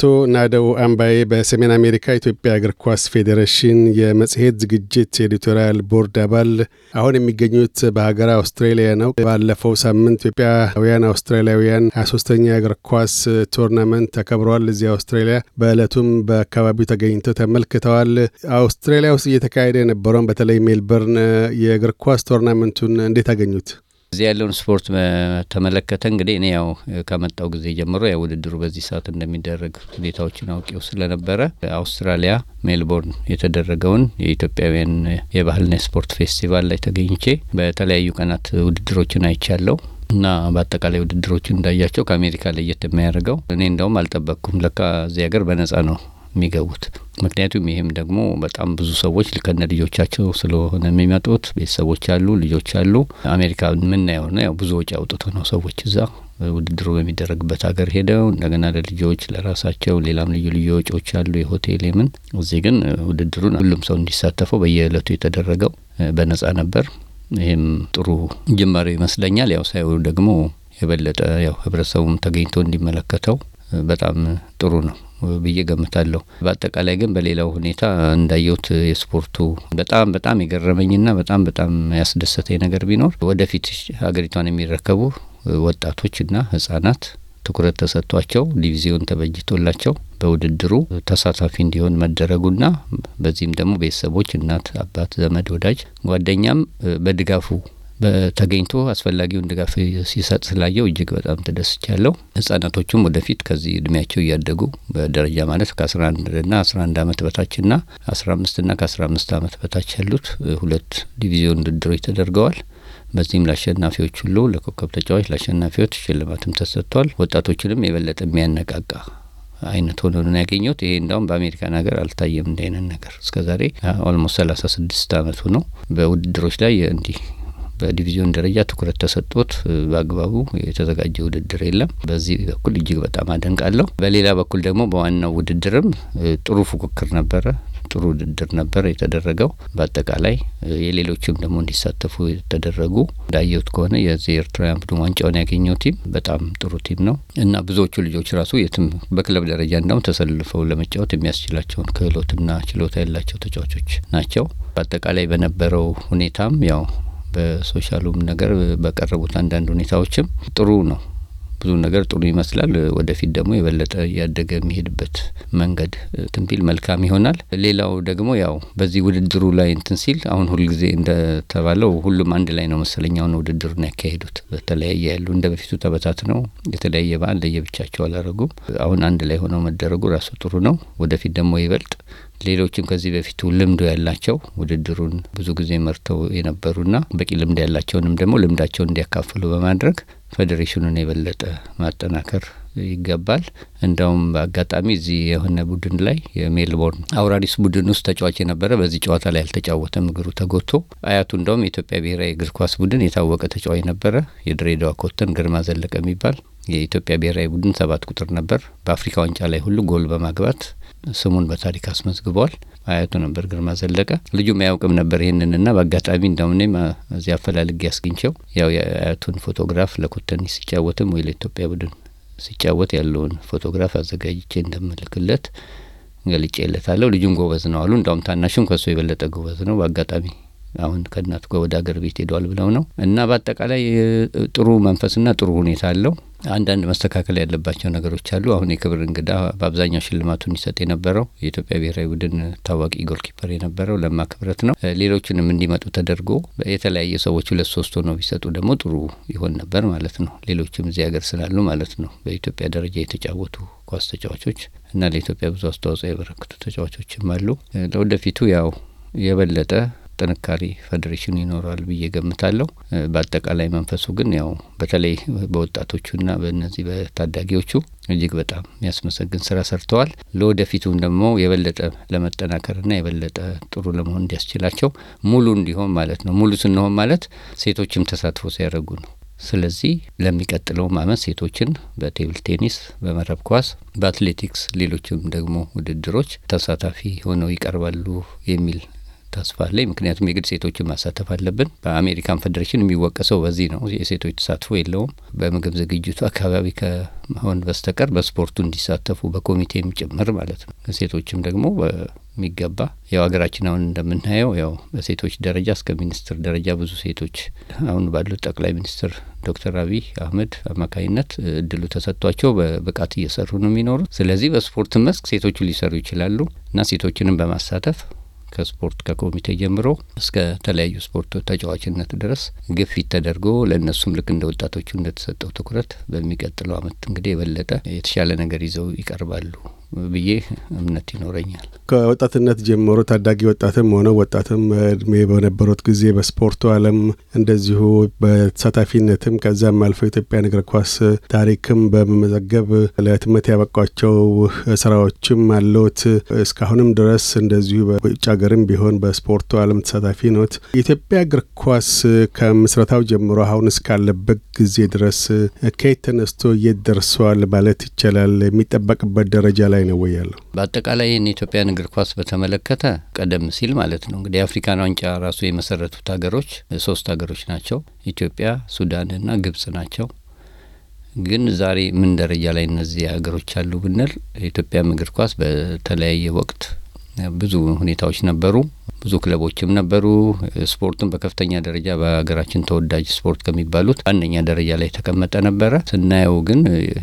አቶ ናደው አምባዬ በሰሜን አሜሪካ ኢትዮጵያ እግር ኳስ ፌዴሬሽን የመጽሔት ዝግጅት ኤዲቶሪያል ቦርድ አባል፣ አሁን የሚገኙት በሀገር አውስትራሊያ ነው። ባለፈው ሳምንት ኢትዮጵያውያን አውስትራሊያውያን ሀያ ሶስተኛ እግር ኳስ ቶርናመንት ተከብረዋል እዚህ አውስትራሊያ። በእለቱም በአካባቢው ተገኝተው ተመልክተዋል። አውስትራሊያ ውስጥ እየተካሄደ የነበረውን በተለይ ሜልበርን የእግር ኳስ ቶርናመንቱን እንዴት አገኙት? እዚ ያለውን ስፖርት ተመለከተ እንግዲህ እኔ ያው ከመጣው ጊዜ ጀምሮ ያው ውድድሩ በዚህ ሰዓት እንደሚደረግ ሁኔታዎችን አውቄው ስለነበረ አውስትራሊያ ሜልቦርን የተደረገውን የኢትዮጵያውያን የባህልና የስፖርት ፌስቲቫል ላይ ተገኝቼ በተለያዩ ቀናት ውድድሮችን አይቻለሁ እና በአጠቃላይ ውድድሮችን እንዳያቸው ከአሜሪካ ለየት የሚያደርገው እኔ እንደውም አልጠበቅኩም። ለካ እዚህ ሀገር በነጻ ነው የሚገቡት። ምክንያቱም ይህም ደግሞ በጣም ብዙ ሰዎች ልከነ ልጆቻቸው ስለሆነ የሚመጡት ቤተሰቦች አሉ፣ ልጆች አሉ። አሜሪካ የምናየው ነው። ያው ብዙ ወጪ አውጥተው ነው ሰዎች እዛ ውድድሩ በሚደረግበት ሀገር ሄደው እንደገና ለልጆች ለራሳቸው፣ ሌላም ልዩ ልዩ ወጪዎች አሉ፣ የሆቴል የምን። እዚህ ግን ውድድሩን ሁሉም ሰው እንዲሳተፈው በየዕለቱ የተደረገው በነጻ ነበር። ይህም ጥሩ ጅማሬ ይመስለኛል። ያው ሳይው ደግሞ የበለጠ ያው ህብረተሰቡም ተገኝቶ እንዲመለከተው በጣም ጥሩ ነው። ብዬ ገምታለሁ። በአጠቃላይ ግን በሌላው ሁኔታ እንዳየሁት የስፖርቱ በጣም በጣም የገረመኝና በጣም በጣም ያስደሰተኝ ነገር ቢኖር ወደፊት ሀገሪቷን የሚረከቡ ወጣቶችና ህጻናት ትኩረት ተሰጥቷቸው ዲቪዚዮን ተበጅቶላቸው በውድድሩ ተሳታፊ እንዲሆን መደረጉና በዚህም ደግሞ ቤተሰቦች፣ እናት፣ አባት፣ ዘመድ፣ ወዳጅ ጓደኛም በድጋፉ ተገኝቶ አስፈላጊውን ድጋፍ ሲሰጥ ስላየው እጅግ በጣም ተደስቻለሁ። ህጻናቶቹም ወደፊት ከዚህ እድሜያቸው እያደጉ በደረጃ ማለት ከ11ና 11 ዓመት በታችና 15ና ከ15 ዓመት በታች ያሉት ሁለት ዲቪዚዮን ውድድሮች ተደርገዋል። በዚህም ለአሸናፊዎች ሁሉ ለኮከብ ተጫዋች ለአሸናፊዎች ሽልማትም ተሰጥቷል። ወጣቶችንም የበለጠ የሚያነቃቃ አይነት ሆኖ ነው ያገኘሁት። ይሄ እንዳውም በአሜሪካን ሀገር አልታየም እንደ ነገር እስከዛሬ ኦልሞስት ሰላሳ ስድስት አመቱ ነው። በውድድሮች ላይ እንዲህ በዲቪዚዮን ደረጃ ትኩረት ተሰጥቶት በአግባቡ የተዘጋጀ ውድድር የለም። በዚህ በኩል እጅግ በጣም አደንቃለሁ። በሌላ በኩል ደግሞ በዋናው ውድድርም ጥሩ ፉክክር ነበረ። ጥሩ ውድድር ነበር የተደረገው። በአጠቃላይ የሌሎችም ደግሞ እንዲሳተፉ የተደረጉ እንዳየሁት ከሆነ የዚህ ኤርትራውያን ቡድን ዋንጫውን ያገኘው ቲም በጣም ጥሩ ቲም ነው እና ብዙዎቹ ልጆች ራሱ የትም በክለብ ደረጃ እንዳውም ተሰልፈው ለመጫወት የሚያስችላቸውን ክህሎትና ችሎታ ያላቸው ተጫዋቾች ናቸው። በአጠቃላይ በነበረው ሁኔታም ያው በሶሻሉም ነገር በቀረቡት አንዳንድ ሁኔታዎችም ጥሩ ነው። ብዙ ነገር ጥሩ ይመስላል። ወደፊት ደግሞ የበለጠ እያደገ የሚሄድበት መንገድ ትንቢል መልካም ይሆናል። ሌላው ደግሞ ያው በዚህ ውድድሩ ላይ እንትን ሲል አሁን ሁልጊዜ እንደተባለው ሁሉም አንድ ላይ ነው መሰለኝ አሁን ውድድሩን ያካሄዱት። በተለያየ ያሉ እንደ በፊቱ ተበታት ነው የተለያየ በዓል ለየብቻቸው አላረጉም። አሁን አንድ ላይ ሆነው መደረጉ ራሱ ጥሩ ነው። ወደፊት ደግሞ ይበልጥ ሌሎችም ከዚህ በፊቱ ልምዱ ያላቸው ውድድሩን ብዙ ጊዜ መርተው የነበሩና በቂ ልምድ ያላቸውንም ደግሞ ልምዳቸውን እንዲያካፍሉ በማድረግ ፌዴሬሽኑን የበለጠ ማጠናከር ይገባል። እንደውም በአጋጣሚ እዚህ የሆነ ቡድን ላይ የሜልቦርን አውራሪስ ቡድን ውስጥ ተጫዋች የነበረ በዚህ ጨዋታ ላይ ያልተጫወተም እግሩ ተጎቶ አያቱ እንደውም የኢትዮጵያ ብሔራዊ እግር ኳስ ቡድን የታወቀ ተጫዋች ነበረ። የድሬዳዋ ኮተን ግርማ ዘለቀ የሚባል የኢትዮጵያ ብሔራዊ ቡድን ሰባት ቁጥር ነበር። በአፍሪካ ዋንጫ ላይ ሁሉ ጎል በማግባት ስሙን በታሪክ አስመዝግቧል። አያቱ ነበር ግርማ ዘለቀ። ልጁም አያውቅም ነበር ይህንንና በአጋጣሚ እንደምንም እዚያ አፈላልግ ያስገኝቸው ያው የአያቱን ፎቶግራፍ ለኮተኒ ሲጫወትም ወይ ለኢትዮጵያ ቡድን ሲጫወት ያለውን ፎቶግራፍ አዘጋጅቼ እንደምልክለት ገልጬለታለሁ። ልጁም ጎበዝ ነው አሉ። እንዳውም ታናሹም ከሱ የበለጠ ጎበዝ ነው በአጋጣሚ አሁን ከእናቱ ጋር ወደ አገር ቤት ሄደዋል ብለው ነው እና በአጠቃላይ ጥሩ መንፈስና ጥሩ ሁኔታ አለው። አንዳንድ መስተካከል ያለባቸው ነገሮች አሉ። አሁን የክብር እንግዳ በአብዛኛው ሽልማቱን ይሰጥ የነበረው የኢትዮጵያ ብሔራዊ ቡድን ታዋቂ ጎልኪፐር የነበረው ለማ ክብረት ነው። ሌሎችንም እንዲመጡ ተደርጎ የተለያየ ሰዎች ሁለት ሶስት ሆነው ቢሰጡ ደግሞ ጥሩ ይሆን ነበር ማለት ነው። ሌሎችም እዚህ ሀገር ስላሉ ማለት ነው በኢትዮጵያ ደረጃ የተጫወቱ ኳስ ተጫዋቾች እና ለኢትዮጵያ ብዙ አስተዋጽኦ ያበረከቱ ተጫዋቾችም አሉ። ለወደፊቱ ያው የበለጠ ጥንካሬ ፌዴሬሽኑ ይኖረዋል ብዬ ገምታለሁ። በአጠቃላይ መንፈሱ ግን ያው በተለይ በወጣቶቹና በእነዚህ በታዳጊዎቹ እጅግ በጣም የሚያስመሰግን ስራ ሰርተዋል። ለወደፊቱም ደግሞ የበለጠ ለመጠናከርና የበለጠ ጥሩ ለመሆን እንዲያስችላቸው ሙሉ እንዲሆን ማለት ነው። ሙሉ ስንሆን ማለት ሴቶችም ተሳትፎ ሲያደርጉ ነው። ስለዚህ ለሚቀጥለውም አመት ሴቶችን በቴብል ቴኒስ፣ በመረብ ኳስ፣ በአትሌቲክስ ሌሎችም ደግሞ ውድድሮች ተሳታፊ ሆነው ይቀርባሉ የሚል ተስፋ አለኝ። ምክንያቱም የግድ ሴቶችን ማሳተፍ አለብን። በአሜሪካን ፌዴሬሽን የሚወቀሰው በዚህ ነው። የሴቶች ተሳትፎ የለውም። በምግብ ዝግጅቱ አካባቢ ከመሆን በስተቀር በስፖርቱ እንዲሳተፉ በኮሚቴም ጭምር ማለት ነው። ሴቶችም ደግሞ የሚገባ ያው ሀገራችን አሁን እንደምናየው ያው በሴቶች ደረጃ እስከ ሚኒስትር ደረጃ ብዙ ሴቶች አሁን ባሉት ጠቅላይ ሚኒስትር ዶክተር አብይ አህመድ አማካኝነት እድሉ ተሰጥቷቸው በብቃት እየሰሩ ነው የሚኖሩት። ስለዚህ በስፖርት መስክ ሴቶቹ ሊሰሩ ይችላሉ እና ሴቶችንም በማሳተፍ ከስፖርት ከኮሚቴ ጀምሮ እስከ ተለያዩ ስፖርት ተጫዋችነት ድረስ ግፊት ተደርጎ ለእነሱም ልክ እንደ ወጣቶቹ እንደተሰጠው ትኩረት በሚቀጥለው አመት እንግዲህ የበለጠ የተሻለ ነገር ይዘው ይቀርባሉ ብዬ እምነት ይኖረኛል። ከወጣትነት ጀምሮ ታዳጊ ወጣትም ሆነ ወጣትም እድሜ በነበሩት ጊዜ በስፖርቱ ዓለም እንደዚሁ በተሳታፊነትም ከዛም አልፈው ኢትዮጵያ እግር ኳስ ታሪክም በመመዘገብ ለህትመት ያበቋቸው ስራዎችም አለዎት። እስካሁንም ድረስ እንደዚሁ በውጭ ሀገርም ቢሆን በስፖርቱ ዓለም ተሳታፊ ኖት። የኢትዮጵያ እግር ኳስ ከምስረታው ጀምሮ አሁን እስካለበት ጊዜ ድረስ ከየት ተነስቶ የት ደርሷል ማለት ይቻላል? የሚጠበቅበት ደረጃ ላይ ላይ ነው ወይ ያለው? በአጠቃላይ ይህን ኢትዮጵያን እግር ኳስ በተመለከተ ቀደም ሲል ማለት ነው እንግዲህ የአፍሪካን ዋንጫ ራሱ የመሰረቱት ሀገሮች ሶስት ሀገሮች ናቸው፣ ኢትዮጵያ፣ ሱዳንና ግብጽ ናቸው። ግን ዛሬ ምን ደረጃ ላይ እነዚህ ሀገሮች አሉ ብንል ኢትዮጵያም እግር ኳስ በተለያየ ወቅት ብዙ ሁኔታዎች ነበሩ። ብዙ ክለቦችም ነበሩ። ስፖርቱም በከፍተኛ ደረጃ በሀገራችን ተወዳጅ ስፖርት ከሚባሉት አንደኛ ደረጃ ላይ የተቀመጠ ነበረ። ስናየው ግን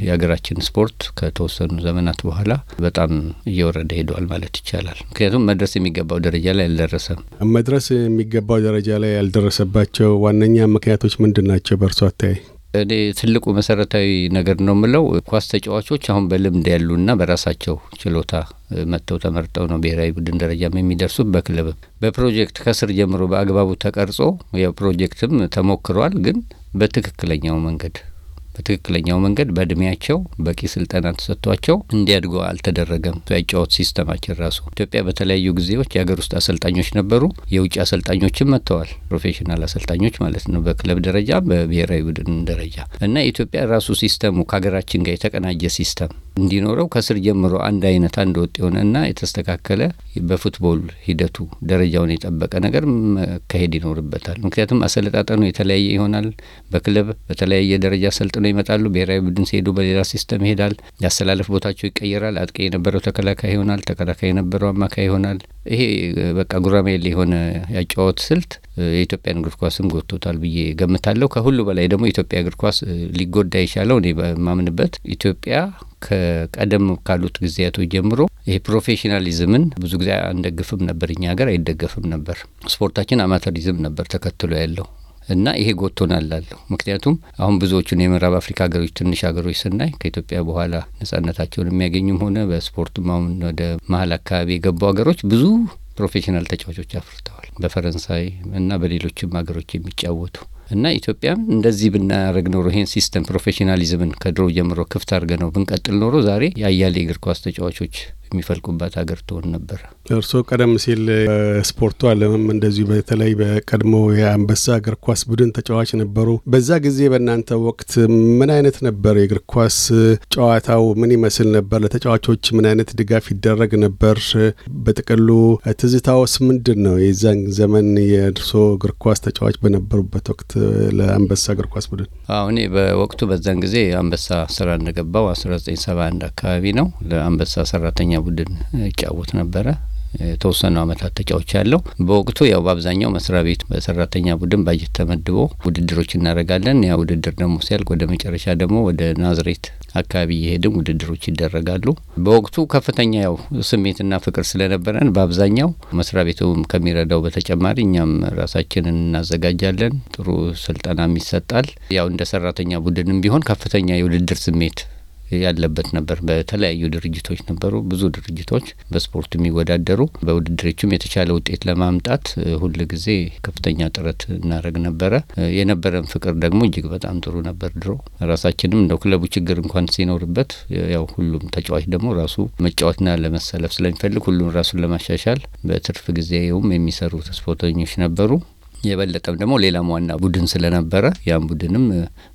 የሀገራችን ስፖርት ከተወሰኑ ዘመናት በኋላ በጣም እየወረደ ሄደዋል ማለት ይቻላል። ምክንያቱም መድረስ የሚገባው ደረጃ ላይ አልደረሰም። መድረስ የሚገባው ደረጃ ላይ ያልደረሰባቸው ዋነኛ ምክንያቶች ምንድን ናቸው በእርሶ አተያይ? እኔ ትልቁ መሰረታዊ ነገር ነው የምለው ኳስ ተጫዋቾች አሁን በልምድ ያሉና በራሳቸው ችሎታ መጥተው ተመርጠው ነው ብሔራዊ ቡድን ደረጃም የሚደርሱት። በክለብም በፕሮጀክት ከስር ጀምሮ በአግባቡ ተቀርጾ ያው ፕሮጀክትም ተሞክሯል፣ ግን በትክክለኛው መንገድ በትክክለኛው መንገድ በእድሜያቸው በቂ ስልጠና ተሰጥቷቸው እንዲያድጉ አልተደረገም። ያጫወት ሲስተማችን ራሱ ኢትዮጵያ በተለያዩ ጊዜዎች የሀገር ውስጥ አሰልጣኞች ነበሩ፣ የውጭ አሰልጣኞችም መጥተዋል። ፕሮፌሽናል አሰልጣኞች ማለት ነው፣ በክለብ ደረጃ በብሔራዊ ቡድን ደረጃ እና ኢትዮጵያ ራሱ ሲስተሙ ከሀገራችን ጋር የተቀናጀ ሲስተም እንዲኖረው ከስር ጀምሮ አንድ አይነት አንድ ወጥ የሆነና የተስተካከለ በፉትቦል ሂደቱ ደረጃውን የጠበቀ ነገር መካሄድ ይኖርበታል። ምክንያቱም አሰለጣጠኑ የተለያየ ይሆናል። በክለብ በተለያየ ደረጃ ሰልጥነው ይመጣሉ። ብሔራዊ ቡድን ሲሄዱ በሌላ ሲስተም ይሄዳል። የአሰላለፍ ቦታቸው ይቀየራል። አጥቂ የነበረው ተከላካይ ይሆናል። ተከላካይ የነበረው አማካይ ይሆናል። ይሄ በቃ ጉራሜል የሆነ ያጫወት ስልት የኢትዮጵያን እግር ኳስም ጎድቶታል ብዬ ገምታለሁ። ከሁሉ በላይ ደግሞ የኢትዮጵያ እግር ኳስ ሊጎዳ የቻለው እኔ በማምንበት ኢትዮጵያ ከቀደም ካሉት ጊዜያቶች ጀምሮ ይሄ ፕሮፌሽናሊዝምን ብዙ ጊዜ አንደግፍም ነበር፣ እኛ ሀገር አይደገፍም ነበር። ስፖርታችን አማተሪዝም ነበር ተከትሎ ያለው እና ይሄ ጎቶናላለሁ። ምክንያቱም አሁን ብዙዎቹን የምዕራብ አፍሪካ ሀገሮች ትንሽ ሀገሮች ስናይ ከኢትዮጵያ በኋላ ነጻነታቸውን የሚያገኙም ሆነ በስፖርቱም አሁን ወደ መሀል አካባቢ የገቡ ሀገሮች ብዙ ፕሮፌሽናል ተጫዋቾች አፍርተዋል። በፈረንሳይ እና በሌሎችም ሀገሮች የሚጫወቱ እና ኢትዮጵያም እንደዚህ ብናደረግ ኖሮ ይህን ሲስተም ፕሮፌሽናሊዝምን ከድሮ ጀምሮ ክፍት አድርገ ነው ብንቀጥል ኖሮ ዛሬ የአያሌ እግር ኳስ ተጫዋቾች የሚፈልቁበት ሀገር ትሆን ነበር። እርስዎ ቀደም ሲል ስፖርቱ ዓለምም እንደዚሁ በተለይ በቀድሞ የአንበሳ እግር ኳስ ቡድን ተጫዋች ነበሩ። በዛ ጊዜ በእናንተ ወቅት ምን አይነት ነበር የእግር ኳስ ጨዋታው? ምን ይመስል ነበር? ለተጫዋቾች ምን አይነት ድጋፍ ይደረግ ነበር? በጥቅሉ ትዝታውስ ምንድን ነው? የዛን ዘመን የእርስዎ እግር ኳስ ተጫዋች በነበሩበት ወቅት ለአንበሳ እግር ኳስ ቡድን? አዎ እኔ በወቅቱ በዛን ጊዜ አንበሳ ስራ እንደገባው 1971 አካባቢ ነው ለአንበሳ ሰራተኛ ቡድን ይጫወት ነበረ። የተወሰኑ አመታት ተጫዎች ያለው በወቅቱ ያው በአብዛኛው መስሪያ ቤት በሰራተኛ ቡድን ባጀት ተመድቦ ውድድሮች እናደርጋለን። ያ ውድድር ደግሞ ሲያልቅ ወደ መጨረሻ ደግሞ ወደ ናዝሬት አካባቢ እየሄድን ውድድሮች ይደረጋሉ። በወቅቱ ከፍተኛ ያው ስሜትና ፍቅር ስለነበረን በአብዛኛው መስሪያ ቤቱም ከሚረዳው በተጨማሪ እኛም ራሳችንን እናዘጋጃለን። ጥሩ ስልጠናም ይሰጣል። ያው እንደ ሰራተኛ ቡድንም ቢሆን ከፍተኛ የውድድር ስሜት ያለበት ነበር። በተለያዩ ድርጅቶች ነበሩ፣ ብዙ ድርጅቶች በስፖርት የሚወዳደሩ በውድድሮችም የተቻለ ውጤት ለማምጣት ሁል ጊዜ ከፍተኛ ጥረት እናደረግ ነበረ። የነበረን ፍቅር ደግሞ እጅግ በጣም ጥሩ ነበር። ድሮ ራሳችንም እንደው ክለቡ ችግር እንኳን ሲኖርበት ያው ሁሉም ተጫዋች ደግሞ ራሱ መጫወትና ለመሰለፍ ስለሚፈልግ ሁሉም ራሱን ለማሻሻል በትርፍ ጊዜውም የሚሰሩ ስፖርተኞች ነበሩ። የበለጠም ደግሞ ሌላም ዋና ቡድን ስለነበረ ያን ቡድንም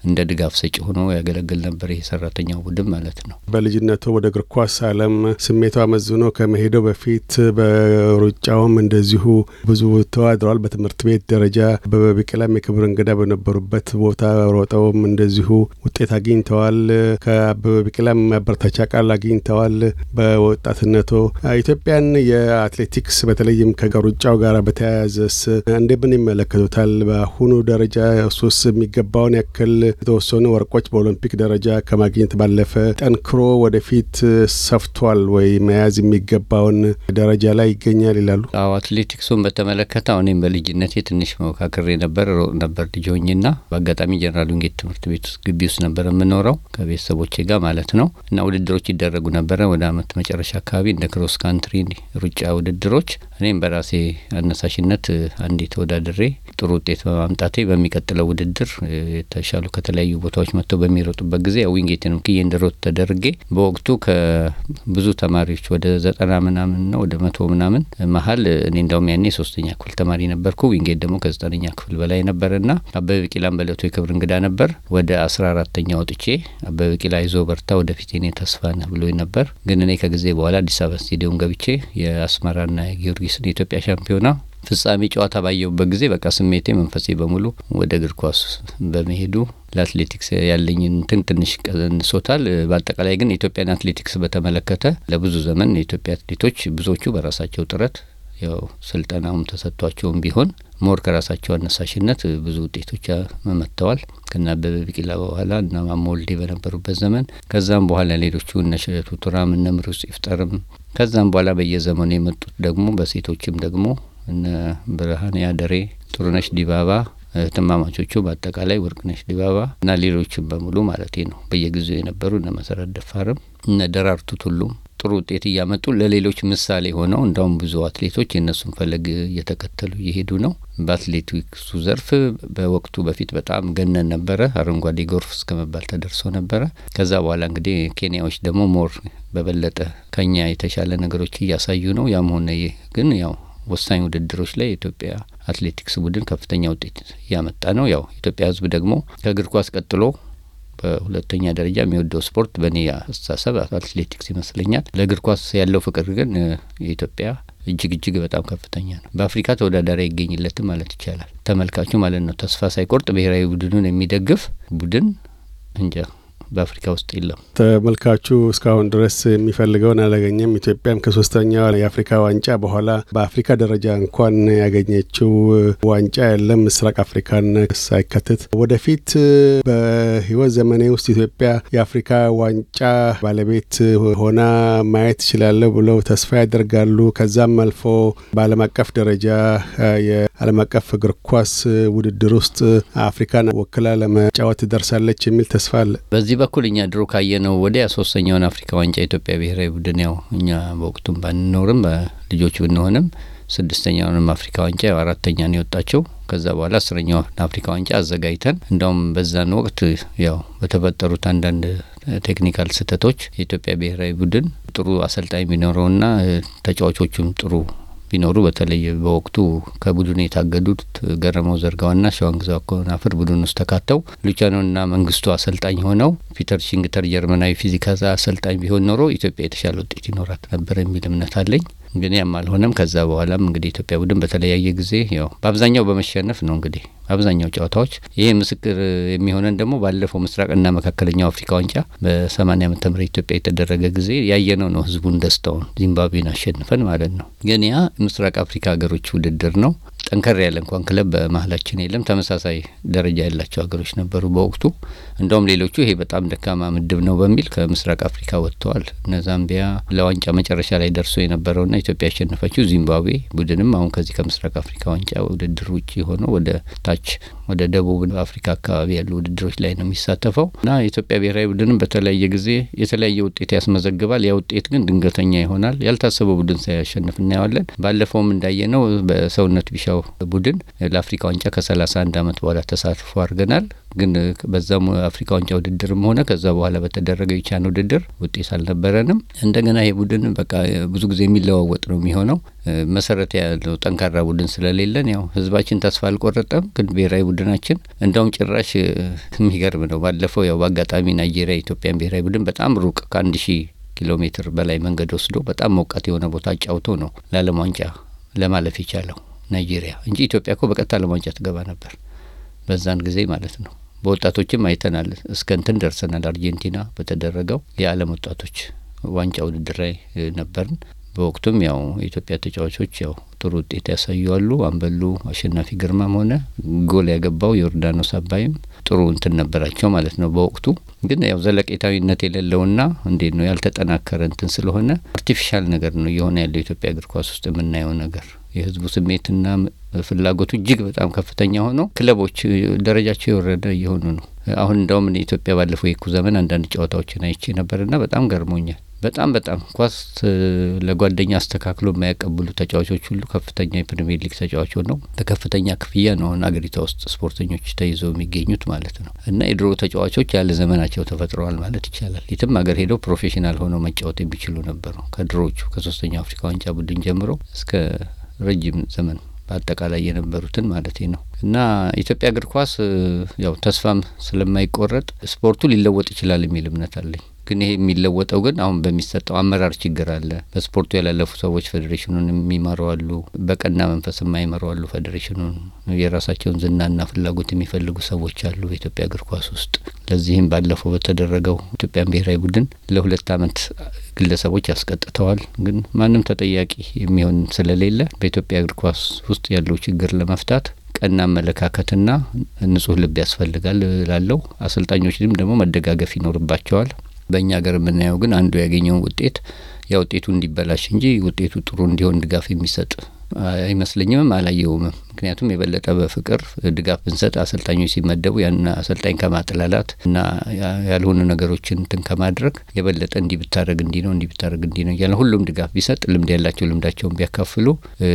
እንደ ድጋፍ ሰጪ ሆኖ ያገለግል ነበር። ይሄ ሰራተኛው ቡድን ማለት ነው። በልጅነቱ ወደ እግር ኳስ ዓለም ስሜቷ መዝኖ ከመሄደው በፊት በሩጫውም እንደዚሁ ብዙ ተዋድረዋል። በትምህርት ቤት ደረጃ በበቢቅላም የክብር እንግዳ በነበሩበት ቦታ ሮጠውም እንደዚሁ ውጤት አግኝተዋል። ከበበቢቅላም ማበረታቻ ቃል አግኝተዋል። በወጣትነቶ ኢትዮጵያን የአትሌቲክስ በተለይም ከሩጫው ጋር በተያያዘስ እንደምን ይመለ ይመለከቱታል? በአሁኑ ደረጃ እሱስ የሚገባውን ያክል የተወሰኑ ወርቆች በኦሎምፒክ ደረጃ ከማግኘት ባለፈ ጠንክሮ ወደፊት ሰፍቷል ወይ መያዝ የሚገባውን ደረጃ ላይ ይገኛል ይላሉ? አዎ አትሌቲክሱን በተመለከተ አሁኔም በልጅነቴ ትንሽ መካከሬ ነበር። ሮጥ ነበር ልጅ ሆኜና በአጋጣሚ ጀነራል ዊንጌት ትምህርት ቤት ውስጥ ግቢ ውስጥ ነበር የምኖረው ከቤተሰቦቼ ጋር ማለት ነው። እና ውድድሮች ይደረጉ ነበረ ወደ አመት መጨረሻ አካባቢ እንደ ክሮስ ካንትሪ ሩጫ ውድድሮች እኔም በራሴ አነሳሽነት አንዴ ተወዳድሬ ጥሩ ውጤት በማምጣቴ በሚቀጥለው ውድድር የተሻሉ ከተለያዩ ቦታዎች መጥተው በሚሮጡበት ጊዜ ዊንጌትንም ክዬ እንድሮጥ ተደርጌ በወቅቱ ከብዙ ተማሪዎች ወደ ዘጠና ምናምን ና ወደ መቶ ምናምን መሀል እኔ እንዳውም ያኔ ሶስተኛ ክፍል ተማሪ ነበርኩ። ዊንጌት ደግሞ ከዘጠነኛ ክፍል በላይ ነበር ና አበበ ቢቂላን በለቱ የክብር እንግዳ ነበር። ወደ አስራ አራተኛ ወጥቼ አበበ ቢቂላ ይዞ በርታ ወደፊት ኔ ተስፋ ነህ ብሎ ነበር። ግን እኔ ከጊዜ በኋላ አዲስ አበባ ስቴዲየም ገብቼ የአስመራና የጊዮርጊስን የኢትዮጵያ ሻምፒዮና ፍጻሜ ጨዋታ ባየሁበት ጊዜ በቃ ስሜቴ መንፈሴ በሙሉ ወደ እግር ኳስ በመሄዱ ለአትሌቲክስ ያለኝ እንትን ትንሽ ቀንሶታል። በአጠቃላይ ግን ኢትዮጵያን አትሌቲክስ በተመለከተ ለብዙ ዘመን የኢትዮጵያ አትሌቶች ብዙዎቹ በራሳቸው ጥረት ያው ስልጠናውም ተሰጥቷቸውም ቢሆን ሞር ከራሳቸው አነሳሽነት ብዙ ውጤቶች መመጥተዋል። ከና አበበ ቢቂላ በኋላ እና ማሞ ወልዴ በነበሩበት ዘመን ከዛም በኋላ ሌሎቹ እነ ሸቱ ቱራም እነ ምሩጽ ይፍጠርም ከዛም በኋላ በየዘመኑ የመጡት ደግሞ በሴቶችም ደግሞ እነ ብርሃን ያደሬ፣ ጥሩነሽ ዲባባ እህትማማቾቹ በአጠቃላይ ወርቅነሽ ዲባባ እና ሌሎችም በሙሉ ማለት ነው በየጊዜው የነበሩ እነ መሰረት ደፋርም እነ ደራርቱት ሁሉም ጥሩ ውጤት እያመጡ ለሌሎች ምሳሌ ሆነው እንዳውም ብዙ አትሌቶች የእነሱን ፈለግ እየተከተሉ እየሄዱ ነው። በአትሌቲክሱ ዘርፍ በወቅቱ በፊት በጣም ገነን ነበረ። አረንጓዴ ጎርፍ እስከ መባል ተደርሶ ነበረ። ከዛ በኋላ እንግዲህ ኬንያዎች ደግሞ ሞር በበለጠ ከኛ የተሻለ ነገሮች እያሳዩ ነው። ያም ሆነ ይህ ግን ያው ወሳኝ ውድድሮች ላይ የኢትዮጵያ አትሌቲክስ ቡድን ከፍተኛ ውጤት እያመጣ ነው። ያው ኢትዮጵያ ሕዝብ ደግሞ ከእግር ኳስ ቀጥሎ በሁለተኛ ደረጃ የሚወደው ስፖርት በእኔ አስተሳሰብ አትሌቲክስ ይመስለኛል። ለእግር ኳስ ያለው ፍቅር ግን የኢትዮጵያ እጅግ እጅግ በጣም ከፍተኛ ነው። በአፍሪካ ተወዳዳሪ አይገኝለትም ማለት ይቻላል። ተመልካቹ ማለት ነው ተስፋ ሳይቆርጥ ብሔራዊ ቡድኑን የሚደግፍ ቡድን እንጃ በአፍሪካ ውስጥ የለም። ተመልካቹ እስካሁን ድረስ የሚፈልገውን አላገኘም። ኢትዮጵያም ከሶስተኛው የአፍሪካ ዋንጫ በኋላ በአፍሪካ ደረጃ እንኳን ያገኘችው ዋንጫ የለም፣ ምስራቅ አፍሪካን ሳይካትት። ወደፊት በህይወት ዘመኔ ውስጥ ኢትዮጵያ የአፍሪካ ዋንጫ ባለቤት ሆና ማየት ይችላለሁ ብለው ተስፋ ያደርጋሉ? ከዛም አልፎ በዓለም አቀፍ ደረጃ የዓለም አቀፍ እግር ኳስ ውድድር ውስጥ አፍሪካን ወክላ ለመጫወት ትደርሳለች የሚል ተስፋ አለ? በዚህ በኩል እኛ ድሮ ካየነው ወዲያ ሶስተኛውን አፍሪካ ዋንጫ ኢትዮጵያ ብሔራዊ ቡድን ያው እኛ በወቅቱም ባንኖርም ልጆች ብንሆንም ስድስተኛውንም አፍሪካ ዋንጫ አራተኛ ነው የወጣቸው። ከዛ በኋላ አስረኛው አፍሪካ ዋንጫ አዘጋጅተን እንዲያውም በዛን ወቅት ያው በተፈጠሩት አንዳንድ ቴክኒካል ስህተቶች የኢትዮጵያ ብሔራዊ ቡድን ጥሩ አሰልጣኝ ቢኖረውና ተጫዋቾቹም ጥሩ ቢኖሩ በተለይ በወቅቱ ከቡድን የታገዱት ገረመው ዘርጋዋና ግዛ ኮናፍር ቡድን ውስጥ ተካተው ሉቻኖና መንግስቱ አሰልጣኝ ሆነው ፒተር ሽንግተር ጀርመናዊ ፊዚካ አሰልጣኝ ቢሆን ኖሮ ኢትዮጵያ የተሻለ ውጤት ይኖራት ነበር የሚል እምነት አለኝ። ግን ያም አልሆነም። ከዛ በኋላም እንግዲህ ኢትዮጵያ ቡድን በተለያየ ጊዜ ያው በአብዛኛው በመሸነፍ ነው እንግዲህ አብዛኛው ጨዋታዎች ይሄ ምስክር የሚሆነን ደግሞ ባለፈው ምስራቅና መካከለኛው አፍሪካ ዋንጫ በሰማኒያ ዓመተ ምህረት ኢትዮጵያ የተደረገ ጊዜ ያየነው ነው ህዝቡን ደስታውን ዚምባብዌን አሸንፈን ማለት ነው። ግን ያ ምስራቅ አፍሪካ ሀገሮች ውድድር ነው። ጠንከር ያለ እንኳን ክለብ በመሀላችን የለም። ተመሳሳይ ደረጃ ያላቸው ሀገሮች ነበሩ በወቅቱ። እንደውም ሌሎቹ ይሄ በጣም ደካማ ምድብ ነው በሚል ከምስራቅ አፍሪካ ወጥተዋል። እነ ዛምቢያ ለዋንጫ መጨረሻ ላይ ደርሶ የነበረውና ኢትዮጵያ ያሸነፈችው ዚምባብዌ ቡድንም አሁን ከዚህ ከምስራቅ አፍሪካ ዋንጫ ውድድር ውጭ ሆኖ ወደ ታች ወደ ደቡብ አፍሪካ አካባቢ ያሉ ውድድሮች ላይ ነው የሚሳተፈው እና የኢትዮጵያ ብሔራዊ ቡድንም በተለያየ ጊዜ የተለያየ ውጤት ያስመዘግባል። ያ ውጤት ግን ድንገተኛ ይሆናል። ያልታሰበው ቡድን ሳያሸንፍ እናየዋለን። ባለፈውም እንዳየ ነው በሰውነት ቢሻ የመጨረሻው ቡድን ለአፍሪካ ዋንጫ ከ31 ዓመት በኋላ ተሳትፎ አድርገናል። ግን በዛም አፍሪካ ዋንጫ ውድድርም ሆነ ከዛ በኋላ በተደረገ የቻን ውድድር ውጤት አልነበረንም። እንደገና ይህ ቡድን በቃ ብዙ ጊዜ የሚለዋወጥ ነው የሚሆነው። መሰረት ያለው ጠንካራ ቡድን ስለሌለን ያው ህዝባችን ተስፋ አልቆረጠም። ግን ብሔራዊ ቡድናችን እንደውም ጭራሽ የሚገርም ነው። ባለፈው ያው በአጋጣሚ ናይጄሪያ የኢትዮጵያን ብሔራዊ ቡድን በጣም ሩቅ ከአንድ ሺህ ኪሎ ሜትር በላይ መንገድ ወስዶ በጣም ሞቃት የሆነ ቦታ አጫውቶ ነው ለዓለም ዋንጫ ለማለፍ የቻለው። ናይጄሪያ እንጂ ኢትዮጵያ እኮ በቀጥታ ለዋንጫ ትገባ ነበር በዛን ጊዜ ማለት ነው። በወጣቶችም አይተናል፣ እስከ እንትን ደርሰናል። አርጀንቲና በተደረገው የዓለም ወጣቶች ዋንጫ ውድድር ላይ ነበርን። በወቅቱም ያው የኢትዮጵያ ተጫዋቾች ያው ጥሩ ውጤት ያሳዩዋሉ። አምበሉ አሸናፊ ግርማም ሆነ ጎል ያገባው ዮርዳኖስ አባይም ጥሩ እንትን ነበራቸው ማለት ነው በወቅቱ ግን ያው ዘለቄታዊነት የሌለውና እንዴት ነው ያልተጠናከረ እንትን ስለሆነ አርቲፊሻል ነገር ነው እየሆነ ያለው ኢትዮጵያ እግር ኳስ ውስጥ የምናየው ነገር የህዝቡ ስሜትና ፍላጎቱ እጅግ በጣም ከፍተኛ ሆኖ ክለቦች ደረጃቸው የወረደ እየሆኑ ነው። አሁን እንደውም ኢትዮጵያ ባለፈው የኩ ዘመን አንዳንድ ጨዋታዎችን አይቼ ነበርና በጣም ገርሞኛል። በጣም በጣም ኳስ ለጓደኛ አስተካክሎ የማያቀብሉ ተጫዋቾች ሁሉ ከፍተኛ የፕሪሚየር ሊግ ተጫዋች ነው። በከፍተኛ ክፍያ ነው አሁን አገሪቷ ውስጥ ስፖርተኞች ተይዘው የሚገኙት ማለት ነው። እና የድሮ ተጫዋቾች ያለ ዘመናቸው ተፈጥረዋል ማለት ይቻላል። የትም ሀገር ሄደው ፕሮፌሽናል ሆነው መጫወት የሚችሉ ነበሩ። ከድሮዎቹ ከሶስተኛው አፍሪካ ዋንጫ ቡድን ጀምሮ እስከ ረጅም ዘመን በአጠቃላይ የነበሩትን ማለት ነው እና ኢትዮጵያ እግር ኳስ ያው ተስፋም ስለማይቆረጥ ስፖርቱ ሊለወጥ ይችላል የሚል እምነት አለኝ። ግን ይሄ የሚለወጠው ግን አሁን በሚሰጠው አመራር ችግር አለ። በስፖርቱ ያላለፉ ሰዎች ፌዴሬሽኑን የሚመሩ አሉ። በቀና መንፈስ የማይመሩ አሉ። ፌዴሬሽኑን የራሳቸውን ዝናና ፍላጎት የሚፈልጉ ሰዎች አሉ በኢትዮጵያ እግር ኳስ ውስጥ። ለዚህም ባለፈው በተደረገው ኢትዮጵያን ብሔራዊ ቡድን ለሁለት አመት ግለሰቦች ያስቀጥተዋል። ግን ማንም ተጠያቂ የሚሆን ስለሌለ በኢትዮጵያ እግር ኳስ ውስጥ ያለው ችግር ለመፍታት ቀና አመለካከትና ንጹህ ልብ ያስፈልጋል ላለው አሰልጣኞችንም ደግሞ መደጋገፍ ይኖርባቸዋል። በእኛ ሀገር የምናየው ግን አንዱ ያገኘውን ውጤት ያ ውጤቱ እንዲበላሽ እንጂ ውጤቱ ጥሩ እንዲሆን ድጋፍ የሚሰጥ አይመስለኝምም፣ አላየውምም። ምክንያቱም የበለጠ በፍቅር ድጋፍ ብንሰጥ አሰልጣኞች ሲመደቡ ያን አሰልጣኝ ከማጥላላት እና ያልሆኑ ነገሮችን እንትን ከማድረግ የበለጠ እንዲህ ብታደረግ እንዲህ ነው፣ እንዲህ ብታደረግ እንዲህ ነው እያለ ሁሉም ድጋፍ ቢሰጥ፣ ልምድ ያላቸው ልምዳቸውን ቢያካፍሉ፣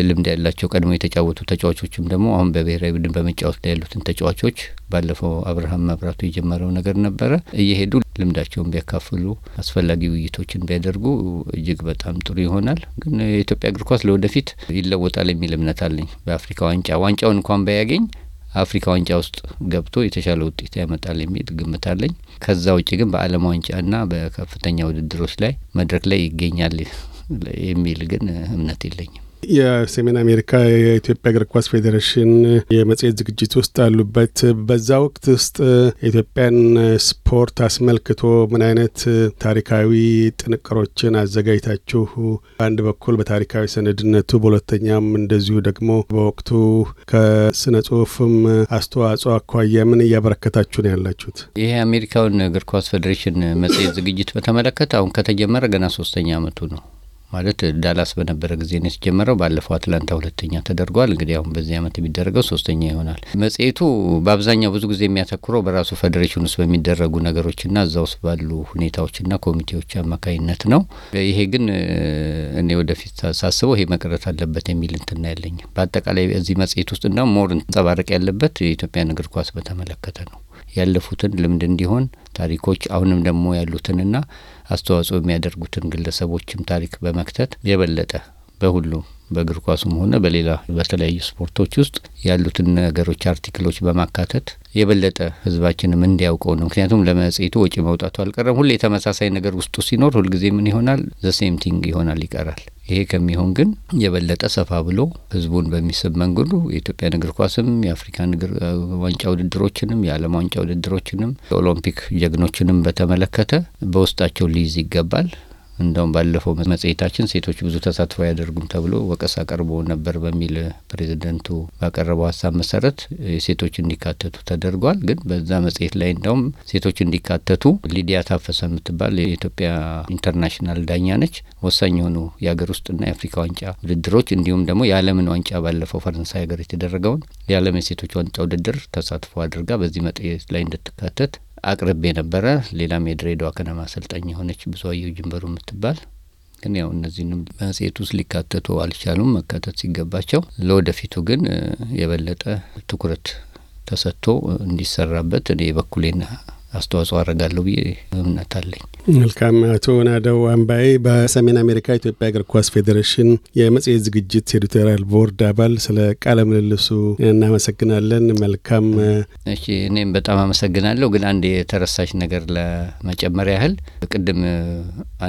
ልምድ ያላቸው ቀድሞ የተጫወቱ ተጫዋቾችም ደግሞ አሁን በብሔራዊ ቡድን በመጫወት ላይ ያሉትን ተጫዋቾች ባለፈው አብርሃም መብራቱ የጀመረው ነገር ነበረ እየሄዱ ልምዳቸውን ቢያካፍሉ አስፈላጊ ውይይቶችን ቢያደርጉ እጅግ በጣም ጥሩ ይሆናል። ግን የኢትዮጵያ እግር ኳስ ለወደፊት ይለወጣል የሚል እምነት አለኝ። በአፍሪካ ዋንጫ ዋንጫውን እንኳን ባያገኝ አፍሪካ ዋንጫ ውስጥ ገብቶ የተሻለ ውጤት ያመጣል የሚል ግምት አለኝ። ከዛ ውጭ ግን በዓለም ዋንጫና በከፍተኛ ውድድሮች ላይ መድረክ ላይ ይገኛል የሚል ግን እምነት የለኝም። የሰሜን አሜሪካ የኢትዮጵያ እግር ኳስ ፌዴሬሽን የመጽሔት ዝግጅት ውስጥ አሉበት። በዛ ወቅት ውስጥ የኢትዮጵያን ስፖርት አስመልክቶ ምን አይነት ታሪካዊ ጥንቅሮችን አዘጋጅታችሁ በአንድ በኩል በታሪካዊ ሰነድነቱ፣ በሁለተኛም እንደዚሁ ደግሞ በወቅቱ ከስነ ጽሁፍም አስተዋጽኦ አኳያ ምን እያበረከታችሁ ነው ያላችሁት? ይሄ አሜሪካውን እግር ኳስ ፌዴሬሽን መጽሔት ዝግጅት በተመለከተ አሁን ከተጀመረ ገና ሶስተኛ አመቱ ነው። ማለት ዳላስ በነበረ ጊዜ ነው የተጀመረው። ባለፈው አትላንታ ሁለተኛ ተደርጓል። እንግዲህ አሁን በዚህ አመት የሚደረገው ሶስተኛ ይሆናል። መጽሄቱ በአብዛኛው ብዙ ጊዜ የሚያተኩረው በራሱ ፌዴሬሽን ውስጥ በሚደረጉ ነገሮችና እዛ ውስጥ ባሉ ሁኔታዎችና ኮሚቴዎች አማካኝነት ነው። ይሄ ግን እኔ ወደፊት ሳስበው ይሄ መቅረት አለበት የሚል እንትና ያለኝ በአጠቃላይ እዚህ መጽሔት ውስጥ እና ሞር እንጸባረቅ ያለበት የኢትዮጵያን እግር ኳስ በተመለከተ ነው ያለፉትን ልምድ እንዲሆን ታሪኮች አሁንም ደግሞ ያሉትንና አስተዋጽኦ የሚያደርጉትን ግለሰቦችም ታሪክ በመክተት የበለጠ በሁሉም በእግር ኳሱም ሆነ በሌላ በተለያዩ ስፖርቶች ውስጥ ያሉትን ነገሮች አርቲክሎች በማካተት የበለጠ ህዝባችንም እንዲያውቀው ነው። ምክንያቱም ለመጽሄቱ ወጪ መውጣቱ አልቀረም። ሁሌ የተመሳሳይ ነገር ውስጡ ሲኖር ሁልጊዜ ምን ይሆናል? ዘሴም ቲንግ ይሆናል፣ ይቀራል። ይሄ ከሚሆን ግን የበለጠ ሰፋ ብሎ ህዝቡን በሚስብ መንገዱ የኢትዮጵያን እግር ኳስም የአፍሪካን እግር ዋንጫ ውድድሮችንም የዓለም ዋንጫ ውድድሮችንም የኦሎምፒክ ጀግኖችንም በተመለከተ በውስጣቸው ሊይዝ ይገባል። እንደውም ባለፈው መጽሄታችን ሴቶች ብዙ ተሳትፎ አያደርጉም ተብሎ ወቀሳ ቀርቦ ነበር በሚል ፕሬዚደንቱ ባቀረበው ሀሳብ መሰረት ሴቶች እንዲካተቱ ተደርጓል። ግን በዛ መጽሔት ላይ እንደውም ሴቶች እንዲካተቱ ሊዲያ ታፈሰ የምትባል የኢትዮጵያ ኢንተርናሽናል ዳኛ ነች። ወሳኝ የሆኑ የሀገር ውስጥና የአፍሪካ ዋንጫ ውድድሮች እንዲሁም ደግሞ የዓለምን ዋንጫ ባለፈው ፈረንሳይ ሀገር የተደረገውን የዓለም የሴቶች ዋንጫ ውድድር ተሳትፎ አድርጋ በዚህ መጽሄት ላይ እንድትካተት አቅርቤ ነበረ። ሌላም የድሬዳዋ ከነማ አሰልጣኝ የሆነች ብዙአየሁ ጅንበሩ የምትባል ግን ያው እነዚህንም መጽሔት ውስጥ ሊካተቱ አልቻሉም መካተት ሲገባቸው። ለወደፊቱ ግን የበለጠ ትኩረት ተሰጥቶ እንዲሰራበት እኔ የበኩሌን አስተዋጽኦ አደርጋለሁ ብዬ እምነት አለኝ። መልካም። አቶ ናደው አምባዬ በሰሜን አሜሪካ ኢትዮጵያ እግር ኳስ ፌዴሬሽን የመጽሔት ዝግጅት ኤዲቶሪያል ቦርድ አባል፣ ስለ ቃለ ምልልሱ እናመሰግናለን። መልካም። እሺ፣ እኔም በጣም አመሰግናለሁ። ግን አንድ የተረሳሽ ነገር ለመጨመር ያህል ቅድም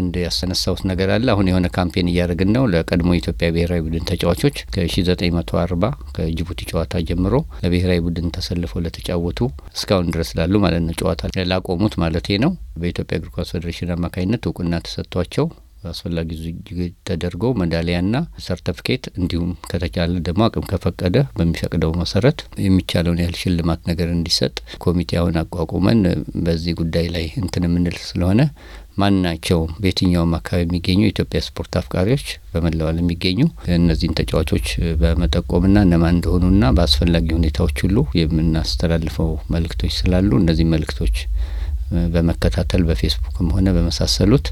አንድ ያስነሳሁት ነገር አለ። አሁን የሆነ ካምፔን እያደረግን ነው ለቀድሞ ኢትዮጵያ ብሔራዊ ቡድን ተጫዋቾች ከ1940 ከጅቡቲ ጨዋታ ጀምሮ ለብሔራዊ ቡድን ተሰልፈው ለተጫወቱ እስካሁን ድረስ ላሉ ማለት ነው ጨዋታ ላቆሙት ማለት ነው በኢትዮጵያ እግር ኳስ ፌዴሬሽን አማካኝነት እውቅና ተሰጥቷቸው አስፈላጊ ዝግጅት ተደርጎ ሜዳሊያና ሰርተፍኬት እንዲሁም ከተቻለ ደግሞ አቅም ከፈቀደ በሚፈቅደው መሰረት የሚቻለውን ያህል ሽልማት ነገር እንዲሰጥ ኮሚቴ አሁን አቋቁመን በዚህ ጉዳይ ላይ እንትን የምንል ስለሆነ ማናቸውም በየትኛውም አካባቢ የሚገኙ የኢትዮጵያ ስፖርት አፍቃሪዎች በመላው ዓለም የሚገኙ እነዚህን ተጫዋቾች በመጠቆምና እነማን እንደሆኑና በአስፈላጊ ሁኔታዎች ሁሉ የምናስተላልፈው መልእክቶች ስላሉ እነዚህ መልእክቶች በመከታተል በፌስቡክም ሆነ በመሳሰሉት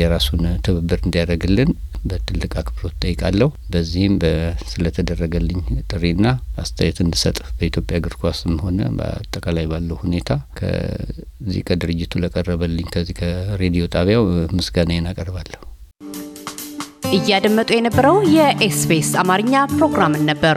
የራሱን ትብብር እንዲያደርግልን በትልቅ አክብሮት ጠይቃለሁ። በዚህም ስለተደረገልኝ ጥሪና አስተያየት እንድሰጥ በኢትዮጵያ እግር ኳስም ሆነ በአጠቃላይ ባለው ሁኔታ ከዚህ ከድርጅቱ ለቀረበልኝ ከዚህ ከሬዲዮ ጣቢያው ምስጋናዬን አቀርባለሁ። እያደመጡ የነበረው የኤስቢኤስ አማርኛ ፕሮግራምን ነበር።